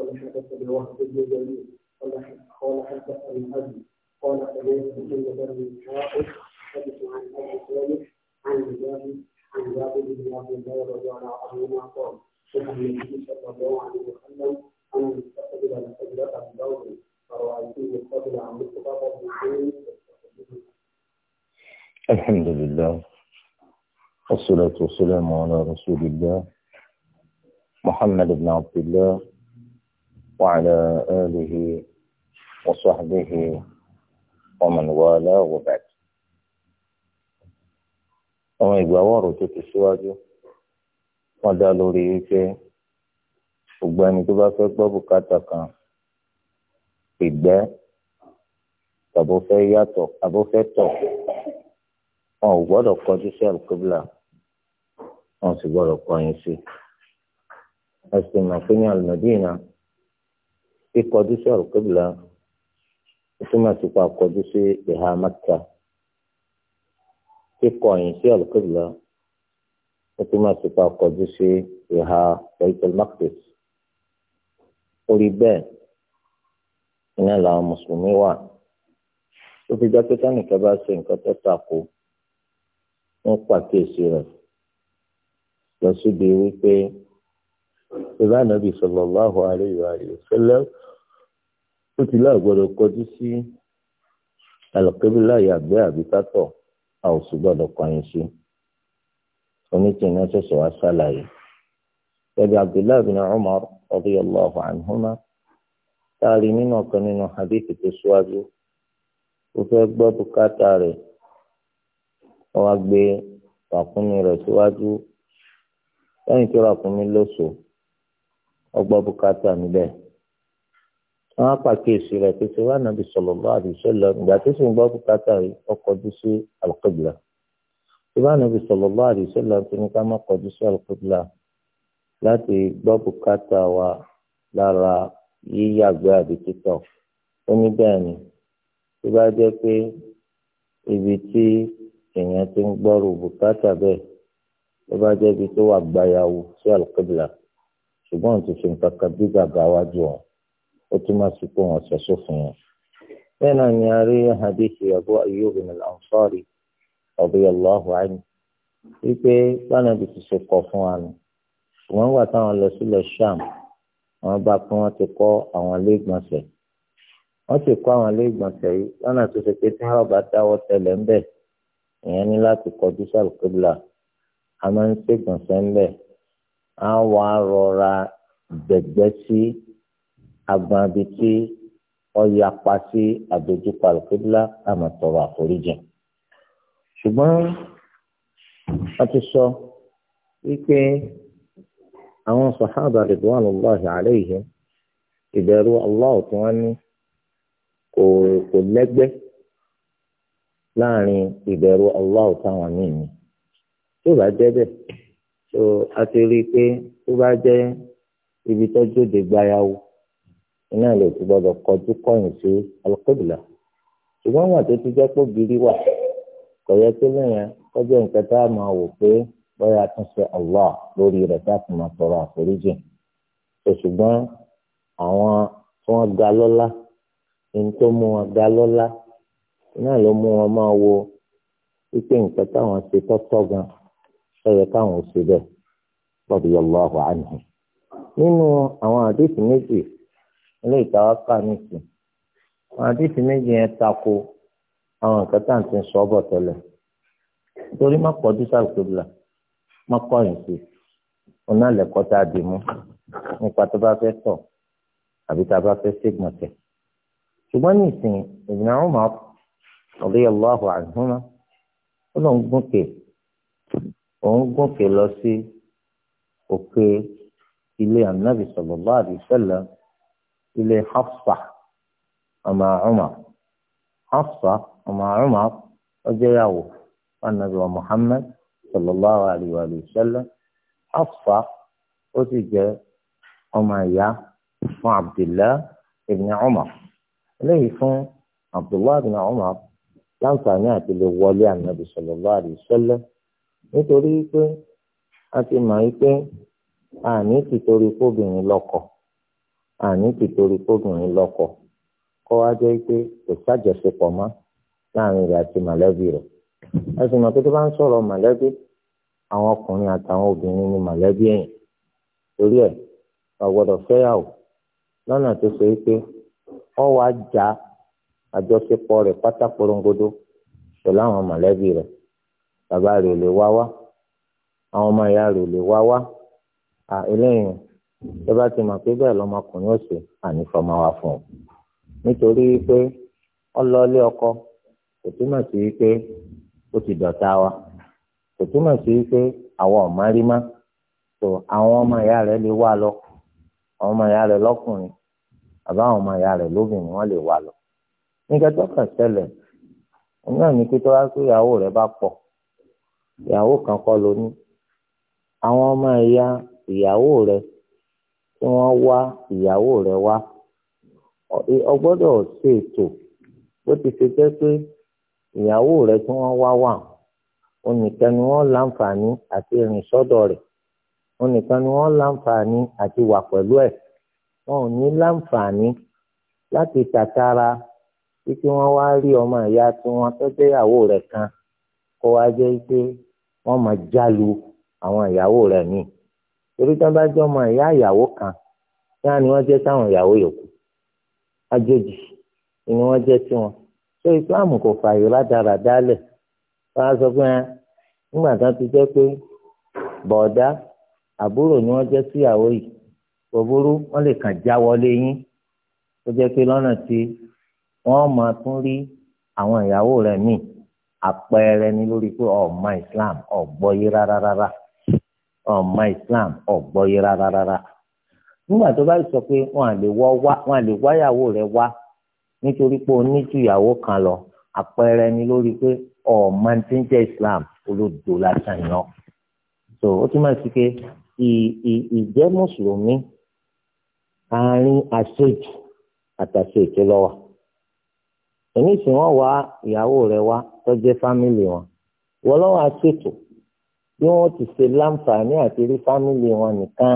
قال حدثني وهب بن جميل قال حدثني ابي قال سمعت بن اسحاق حدث عن ابي سالم عن مجاهد عن جابر بن عبد الله رضي الله عنهما قال سمع النبي صلى الله عليه وسلم ان يستقبل بدور فرايته قبل الحمد لله والصلاة والسلام على رسول الله محمد بن عبد الله وعلى آله وصحبه ومن والاه وبعد àwọn ìgbàwọ́rò tó ti síwájú wọ́n dá lórí wípé gbogbo ẹni tó bá fẹ́ gbọ́ bùkátà kan ìgbẹ́ tàbó fẹ́ yàtọ̀ àbó fẹ́ tọ̀ wọn ò gbọ́dọ̀ kọjú sí àlùkébìlà wọn sì gbọ́dọ̀ kọyìn sí ẹ̀sìn màkínní àlùmọ́dínà kíkọjú sí àrùkébìlà ìtumọ̀ sí pa kọjú sí ìhà mẹ́ta kíkọyìn sí àrùkébìlà ìtumọ̀ sí pa kọjú sí ìhà Baitul Maqdis orí bẹ́ẹ̀ iná làwọn mùsùlùmí wà ó fi gbá pé tánìkà bá ṣe nǹkan tó tako wọn pàkíyèsí rẹ̀ lọ síbi wípé ìbánabi sallallahu alayhi wa sallam. ó ti láàgbọ́dọ̀ kọjú sí alọ̀kẹ́bílà yàgbẹ́ àbíkátọ̀ a ò sì gbọ́dọ̀ kọyìn sí onítìyẹn ṣẹ̀ṣẹ̀ wá ṣàlàyé bẹ́ẹ̀ Abdullahi bin Umar radiyallahu anhuma táàrí nínú ọ̀kan nínú hadithi tó ṣíwájú ó fẹ́ gbọ́ bùkátà rẹ̀ wọ́n wá gbé ràkúnmí rẹ̀ síwájú lẹ́yìn tó ràkúnmí lóṣù ọgbọ́ bùkátà níbẹ̀. wọn á pàkíyèsí rẹ̀ pé tí wọn ànábì sallallahu alaihi wasallam ìgbà tó sì ń gbọ́ bùkátà yìí ọkọjú sí al-qibla tí wọn ànábì sallallahu alaihi wasallam tó ní ká má kọjú sí al-qibla láti gbọ́ bùkátà wa lára yíyàgbé àbí títọ̀ ó ní bẹ́ẹ̀ ni tó bá jẹ́ pé ibi tí èèyàn ti ń gbọ́rù bùkátà bẹ́ẹ̀ tó bá jẹ́ ibi tó wà gbayawu sí al-qibla ṣùgbọ́n ti bí gàgà wájú ọ̀hún. ó túmọ̀ sí pé wọ́n sọ sófin yẹn. bẹ́ẹ̀ náà ni a rí hadithi Abu Ayyub al-Ansari radiyallahu wípé ti fún wa nù táwọn lọ sílẹ̀ sham wọ́n bá pé ti kọ́ àwọn ilé wọ́n ti kọ́ àwọn ilé yìí lọ́nà tó tí a máa agbọ̀nbi tí ọyọ apá sí àdójúkọ àlùkébílà àmọ̀tọ̀rọ àforíjì ṣùgbọ́n wọ́n ti sọ wípé àwọn sàhábà ridwanullahi alaihim ìbẹ̀rù Allah tí wọ́n ní kò kò lẹ́gbẹ́ láàrin ìbẹ̀rù Allah táwọn míì ní tó bá jẹ́ bẹ́ẹ̀ tó a ti rí i pé tó bá jẹ́ ibi tó jóde gbayawo iná ló ti gbọdọ̀ kọjú kọ̀yìn sí alqibla ṣùgbọ́n wà tó ti jẹ́ pé gírí wà kò yẹ kí wò pé bóyá tún ṣe Allah lórí rẹ̀ tá a fi máa àforíjì ṣùgbọ́n àwọn tí wọ́n ga tó mú wọn ga iná ló mú wọn máa wo wípé nǹkan táwọn káwọn ò ṣe bẹ́ẹ̀ ilé ìtawà kà nìsín àwọn àdìsí méjì yẹn tako àwọn nǹkan tá à ń ti sọ bọ̀ tẹ́lẹ̀ torí má pọ̀jù sàlùkébìlà má kọ̀yìn sí oná lẹ́kọ́ tá a dì mú nípa tó bá fẹ́ tọ̀ àbí tá a bá fẹ́ ṣègbọ̀nsẹ̀ ṣùgbọ́n nìsín ìgbìnà àwọn máa radiyallahu anhuma ó lọ ń gúnkè òun gúnkè lọ sí òkè ilé ànábì sallallahu alaihi wasallam ilé Hafsa ọmọ Umar Hafsa ọmọ Umar ọjọ́yàwó anabi wa Muhammad sallallahu alayhi wa sallam Hafsa ó sì jẹ́ ọmọ ìyá fún Abdullah ibn Umar eléyìí fún Abdullah ibn Umar láǹfààní àti lè wọlé anabi sallallahu alayhi wa sallam nítorí pé a ti mọ̀ yí pé àní ti torí kóbìnrin lọ́kọ. àní tìtorí kóbìnrin lọ́kọ lọkọ wá jẹ́ pé kò sájọṣepọ̀ mọ́ láàrin rẹ̀ àti mọ̀lẹ́bí rẹ ẹ sì mọ̀ pé tó bá ń sọ̀rọ̀ mọ̀lẹ́bí àwọn ọkùnrin àtàwọn obìnrin ni mọ̀lẹ́bí ẹ̀yìn torí ẹ̀ ọ̀gbọ́dọ̀ fẹ́yàwó lọ́nà tó ṣe pé ọ wá já àjọṣepọ̀ rẹ pátá àwọn bàbá lè tó bá ti mọ̀ pé bẹ́ẹ̀ lọ́mọkùnrin ó ṣe àní fọmọ wa fún un nítorí pé ọlọ́ọ̀lé ọkọ kò túmọ̀ sí pé ó ti dọ̀tá wa kò túmọ̀ sí pé àwọn ọ̀ma rí má tó àwọn ọmọ ìyá rẹ̀ lè wá lọ àwọn ọmọ ìyá rẹ̀ lọ́kùnrin àbá àwọn ọmọ ìyá rẹ̀ lóbìnrin wọ́n lè wá lọ. nígbà tó kàn ṣẹlẹ̀ náà ni pé tó wá pé ìyàwó rẹ̀ bá pọ̀ ìyàwó kan kọ́ ló àwọn ọmọ ìyá ìyàwó rẹ̀ kí wọ́n wá ìyàwó rẹ̀ wá o gbọ́dọ̀ ṣe ètò bó ti ṣe jẹ́ pé ìyàwó rẹ̀ tí wọ́n wá wà onìkan ni wọ́n láǹfààní àti rìn sọ́dọ̀ rẹ̀ onìkan ni wọ́n láǹfààní àti wà pẹ̀lú ẹ̀ wọn ò ní láǹfààní láti tàtàrà títí wọ́n wá rí ọmọ ìyá tí wọ́n tó ìyàwó rẹ̀ kan kó wá jẹ́ pé wọ́n máa jálu àwọn ìyàwó rẹ̀ míì torí tí wọ́n bá jẹ́ ọmọ ìyá ìyàwó kan yáà ni wọ́n jẹ́ sáwọn ìyàwó yòókù àjòjì ni wọ́n jẹ́ sí wọn ṣé Islam kò fààyè rádaràdá lẹ̀ wọ́n á sọ pé ẹ nígbà tán ti jẹ́ pé bọ̀ọ̀dá àbúrò ni wọ́n jẹ́ sí ìyàwó yìí òbúrú wọ́n lè kàn já wọlé yín tó jẹ́ pé lọ́nà tí wọ́n máa tún rí àwọn ìyàwó rẹ̀ míì àpẹẹrẹ ni lórí pé ọ̀ọ́ ma Islam ọ̀gbọ́yé rárá rárá ọmọ islam ọgbọyé rárá rárá nígbà tó bá sọ pé wọn à lè wáyàwó rẹ wá nítorí pé o ní ju ìyàwó kan lọ àpẹẹrẹ ni lórí pé ọmọ tí ń jẹ islam olódò lásán yàn so ó túmọ̀ sí pé ìjẹ́ mùsùlùmí àárín àṣejù àtàṣe ìtòlọ́wà èmi sì wọ́n wá ìyàwó rẹ̀ wá tó jẹ́ fámìlì wọn wọ́n lọ́wọ́ àṣètò bí wọ́n ti ṣe láǹfààní àti rí fámìlì wọn nìkan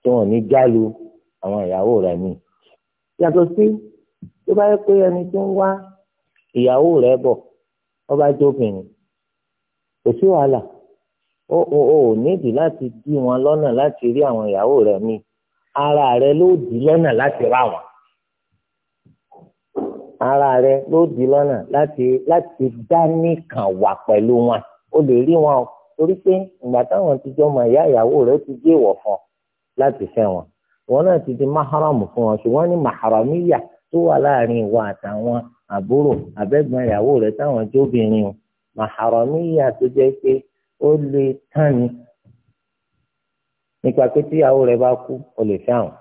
tí wọ́n ní jálu àwọn ìyàwó rẹ̀ ni. yàtọ̀ sí tó bá yẹ pé ẹni tí ń wá ìyàwó rẹ̀ bọ̀ wọ́n bá jó obìnrin kò sí wàhálà ó ó ó nídìí láti dí wọn lọ́nà láti rí àwọn ìyàwó rẹ̀ mi ara rẹ̀ ló dí lọ́nà láti rà wọ́n ara rẹ̀ ló dí lọ́nà láti láti dá nìkan wà pẹ̀lú wọn o lè rí wọn o torí pé ìgbà táwọn ti jọ mọ ìyá ìyàwó rẹ̀ ti dé ìwọ̀ fún ọ láti fẹ́ wọn wọn náà ti di maharamu fún wọn ṣùgbọ́n ní maharamiya tó wà láàrin ìwọ àtàwọn àbúrò àbẹ́gbọ́n ìyàwó rẹ̀ táwọn jóbìnrin o maharamiya tó jẹ́ pé ó lè tán ni nípa pé tí ìyàwó rẹ̀ bá kú o lè fẹ́ àwọn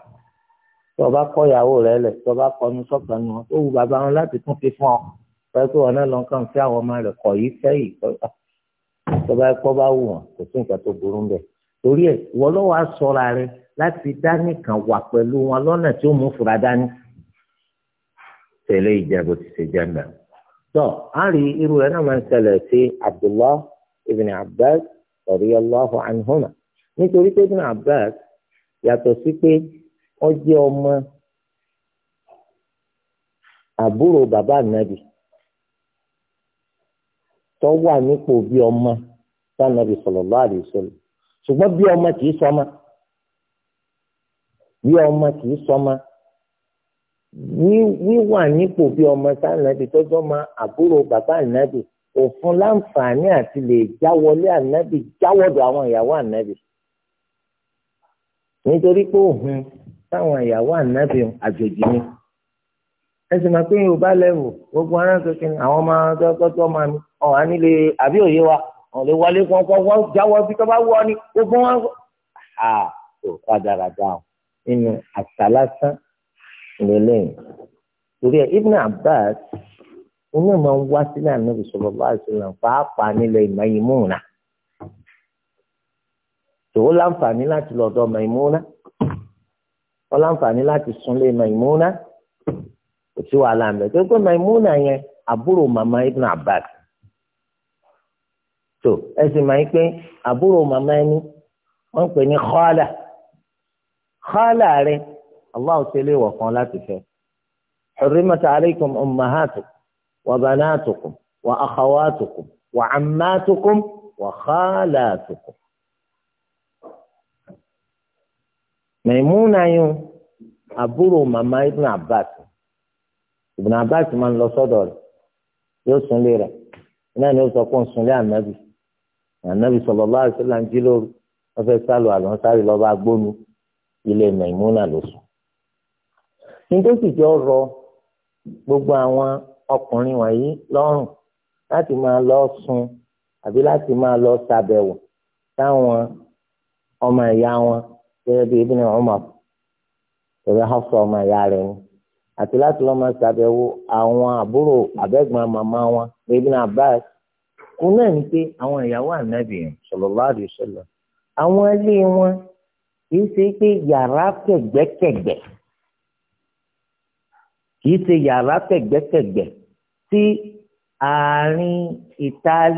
tó o bá kọ̀ ìyàwó rẹ̀ lẹ̀ tó o bá kọ̀ ọ́nù sọ́kàn nù ọ́ tó wù bàbá wọn láti tún fi fún ọ pẹ́ pé wọn náà lọ́nkàn fẹ́ àwọn ọmọ rẹ̀ kọ̀ yìí fẹ́ yìí tọ́ba ẹ̀kọ́ bá wù wọ́n kò sí nǹkan tó burú ń bẹ̀ torí ẹ̀ wọ́n lọ́wọ́ aṣọra rẹ láti dání kan wà pẹ̀lú wọn lọ́nà tí ó mú fura dání tẹ̀lé ìjẹ́bù ti ṣe jẹ́ mẹ́rin. tọ́ a rí irú rẹ̀ náà máa ń ṣẹlẹ̀ sí Abdullah ibn Abbas radiyallahu anhuma nítorí pé ibn Abbas yàtọ̀ sí pé wọ́n jẹ́ ọmọ àbúrò bàbá ànábì tó wà nípò ọmọ sanabi sallallahu alaihi wasallam ṣùgbọ́n bí ọmọ kì í sọmọ bí ọmọ kì í sọmọ wíwà nípò bí ọmọ sanabi tọjọ ma àbúrò bàbá ànábì òfun láǹfààní àti lè jáwọlé ànábì jáwọdọ àwọn ìyàwó ànábì nítorí pé òun táwọn ìyàwó ànábì àjòjì ni ẹsìn máa pín yorùbá lẹ́wù gbogbo arákùnrin àwọn ọmọ ọdọ́gbọ́tọ́ máa mi ọ̀hán nílé àbí òye wa wọn lè wọlé wọn kọ wọn jáwọ bí tó bá wọ ni gbogbo wọn. a ò rádaràda o nínú àtàlásán lélẹ́yìn torí ẹ Ibn Abbas inú máa ń wá sílẹ̀ ànábì sọ̀rọ̀ bá a sọ̀rọ̀ pàápàá nílẹ̀ Maimuna tòun láǹfààní láti lọ́dọ̀ Maimuna wọ́n láǹfààní láti súnlé Maimuna kò sí wàhálà ń bẹ̀ tó gbé Maimuna yẹn àbúrò màmá Ibn Abbas tó ẹ sì máa ń pé àbúrò màmá ẹni wọ́n ń pè ní kọ́ọ̀là kọ́ọ̀là rẹ allah ṣe lè wọ̀ kan láti fẹ́ hurrimat alaykum ummahatukum wa banatukum wa akhawatukum wa ammatukum wa khalatukum. Maimuna yun àbúrò màmá ibn abbas ibn abbas máa ń lọ sọ́dọ̀ rẹ̀ yóò sunlé rẹ̀ náà ni ó sọ pé ń sunlé ànábì ànábì sallallahu alaihi wasallam ń jí lóru wọ́n fẹ́ sálọ àlọ́ sáré lọ́ba gbónú ilé Maimuna ló sùn. nítorí jọ rọ gbogbo àwọn ọkùnrin wọ̀nyí lọ́rùn láti máa lọ sùn àbí láti máa lọ ṣàbẹ̀wò táwọn ọmọ ìyá wọn gẹ́gẹ́ bí Ibn Umar ìrẹ́ Hafsa ọmọ ìyá rẹ̀ ni àti láti lọ́ọ́ máa ṣàbẹ̀wò àwọn àbúrò àbẹ́gbọ́n màmá wọn Ibn Abbas òun náà ni pé àwọn ìyàwó ànábì sallallahu alaihi wasallam àwọn ilé wọn kì í ṣe pé yàrá kẹ̀gbẹ́kẹ̀gbẹ́ kì í ṣe yàrá kẹ̀gbẹ́kẹ̀gbẹ́ tí àárín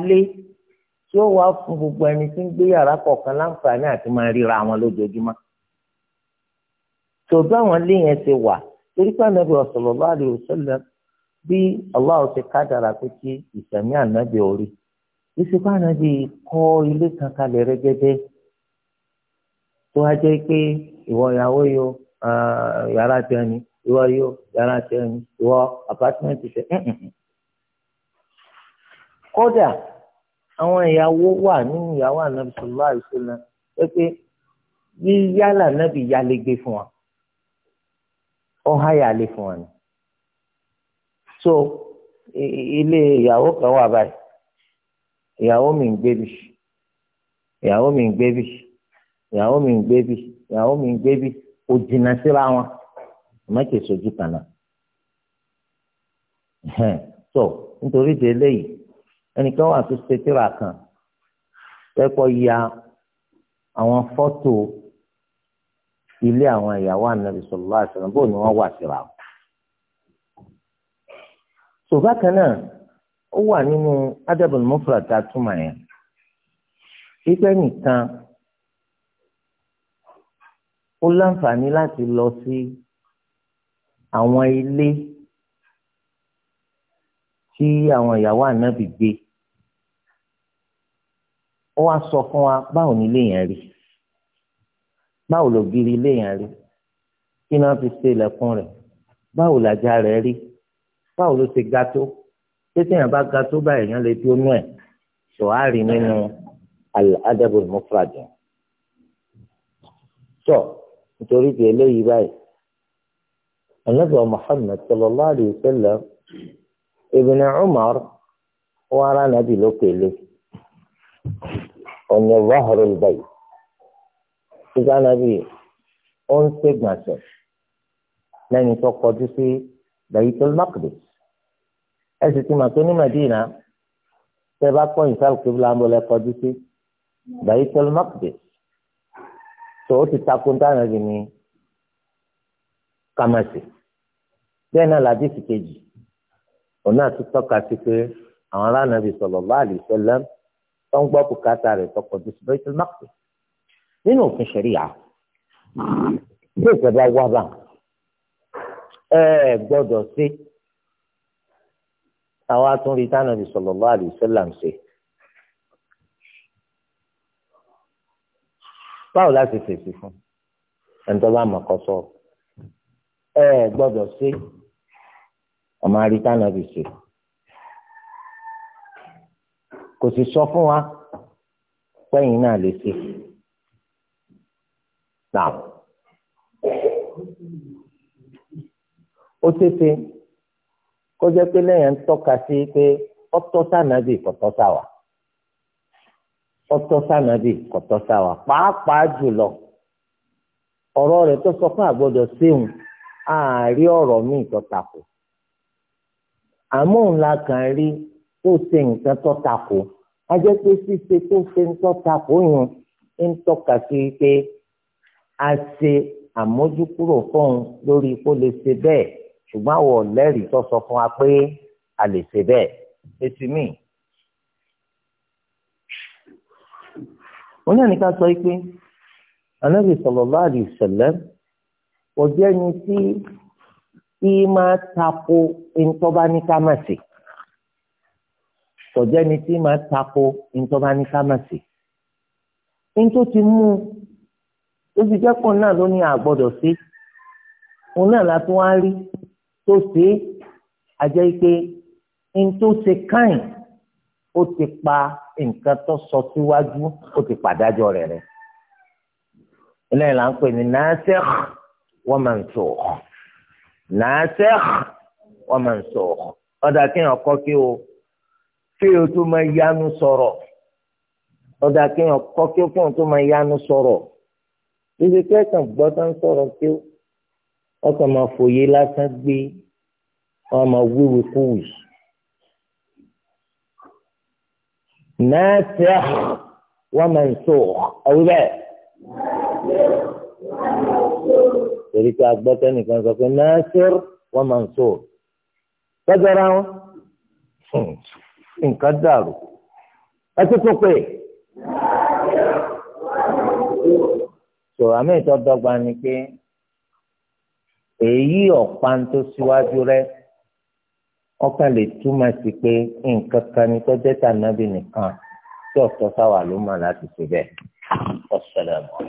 lé, tí ó wà fún gbogbo ẹni tí ń gbé yàrá kọ̀ọ̀kan láǹfààní àti máa ríra wọn lójoojúmọ́. tòbí àwọn ilé yẹn ti wà torí pé ànábì sallallahu alaihi wasallam bí Allah ti kádàrá pé kí ìsẹ̀mí ànábì orí. ìṣe fáànà bí kọ́ ilé kan kalẹ̀ rẹ́gẹ́dẹ́ tó wá jẹ́ pé ìwọ ìyàwó yo yàrá tiẹ̀ ni ìwọ yo yàrá tiẹ̀ ni ìwọ apátímẹ́ǹtì tiẹ̀ kódà àwọn ìyàwó wà nínú ìyàwó ànábì sallallahu alaihi wasallam pé pé yíyálà nábì yalegbe fún wa ọha yàlè fún wa ni so ilé ìyàwó kan wà báyìí. ìyàwó mi ń gbébì ìyàwó mi ń gbébì ìyàwó mi ń gbébì ìyàwó mi ń gbébì ò jìnnà síra wọn mẹ́kì sojú kan so nítorí ti eléyìí ẹnìkan wà tó ṣe tíra kan ya àwọn fọ́tò ilé àwọn ìyàwó ànábì sallallahu alaihi wasallam ni wọ́n wà síra. so bákan náà. ó wà nínú adabul mufrad tá a túmọ̀ yẹn ìpẹ́ nìkan ó láǹfààní láti lọ sí àwọn ilé tí àwọn ìyàwó ànábì gbé ó wá sọ fún wa báwo ni ilé yẹn rí báwo lògiri ilé yẹn rí kí ni wọ́n fi ṣe ilẹ̀kùn rẹ̀ báwo làjà rẹ̀ rí báwo ló ṣe ga tó tẹ́sán bá ga tó báyìí yẹn lè tó nú ẹ̀ tó a rí nínú al-adabul mufrad tó nítorí ti eléyìí báyìí anabi muhammed sallallahu alayhi wa sallam ibn umar wàrà nàbì lókèlè ọ̀nà wàhùrù báyìí ìgbà nàbì ó ń ṣègbọ̀nsẹ̀ lẹ́yìn tó kọjú sí Baytul Maqdis ẹ sì ti mọ̀ pé ní Madina tẹ bá kọ́ ìsáàlù kébìlà ń bọ̀ lẹ́kọ́jú sí Baitul Maqdis tó o ti takun dáná bí ní kàmáṣe bẹ́ẹ̀ náà làdí sì kejì òun náà tún tọ́ka sí pé àwọn aráàlú bí sallallahu alaihi wasallam tó ń gbọ́ bùkátà rẹ̀ tọkọ̀jú sí Baitul Maqdis nínú òfin ṣẹ̀ríyà tí ìjọba wá bá ẹ gbọ́dọ̀ sí àwa tún rí tánàbì sallallahu alaihi wasallam ṣe. báwo la ṣe fèsì fún ẹni tó bá mọ̀ kọ́ sọ ẹ gbọ́dọ̀ ṣe ọmọ rí tánàbì ṣe kò sì sọ fún wa pẹ́yìn náà lè ṣe. Now, ó tètè kó jẹ́ pé lẹ́yìn ń tọ́ka sí pé ọtọ́ sànàbì kọ̀tọ́ sàwà ọtọ́ sànàbì kọ̀tọ́ sàwà pàápàá jùlọ ọ̀rọ̀ rẹ̀ tó sọ pé àgbọ́dọ̀ séun àárí ọ̀rọ̀ míì tó takò àmọ́ òun la kàn rí tó ṣe nǹkan tó takò a jẹ́ pé ṣíṣe tó ṣe ń tó takò yẹn ń tọ́ka sí pé a ṣe àmójúkúrò fóun lórí kó lè ṣe bẹ́ẹ̀ ṣùgbọ́n àwọn ọ̀lẹ́rìí tó sọ fún wa pé a lè ṣe bẹ́ẹ̀ etí mi. wọ́n náà ní ká sọ pé anábì sallallahu alaihi wasallam kò jẹ́ ẹni tí tí máa tako ntọ́ba ní kámẹ́sì kò jẹ́ ẹni tí máa tako ntọ́ba ní kámẹ́sì ntó ti mú ó sì jẹ́ pọ̀ náà ló ní àgbọ́dọ̀ sí òun náà la wá rí tó ṣe àjẹ́ pé n tó ṣe káyìn ó ti pa nǹkan tó sọ síwájú ó ti pàdájọ́ rẹ̀ rẹ̀ eléyìí là ń pè ní nasikh wa mansukh nasikh wa mansukh ọ̀dà kéèyàn kọ́ kí o kí o tó máa yánu sọ̀rọ̀ ọ̀dà kéèyàn kọ́ kí o kí o tó máa yánu sọ̀rọ̀ ìdíkẹ́ kan gbọ́dọ̀ ń sọ̀rọ̀ kí o wọ́n kàn máa fòye lásán gbé wọ́n máa wíwí kúwì. nasikh wa mansukh ọ̀wí bẹ́ẹ̀. torí pé agbọ́tẹ́ nìkan sọ pé nasikh wa mansukh. tọ́jọ́ra wọn hmm. nǹkan dàrú ẹ tó tó pé sọ̀rọ̀ àmì ìtọ́dọ́gba ni pé èyí ọ̀pá tó síwájú rẹ ọkàn lè túmọ̀ sí pé nǹkan kan ni tọ́jú ẹ̀ta nábì nìkan tí ọ̀tọ̀ sáwà ló mọ̀ láti ṣe bẹ́ẹ̀ ọ̀sẹ̀ lẹ́mọ̀.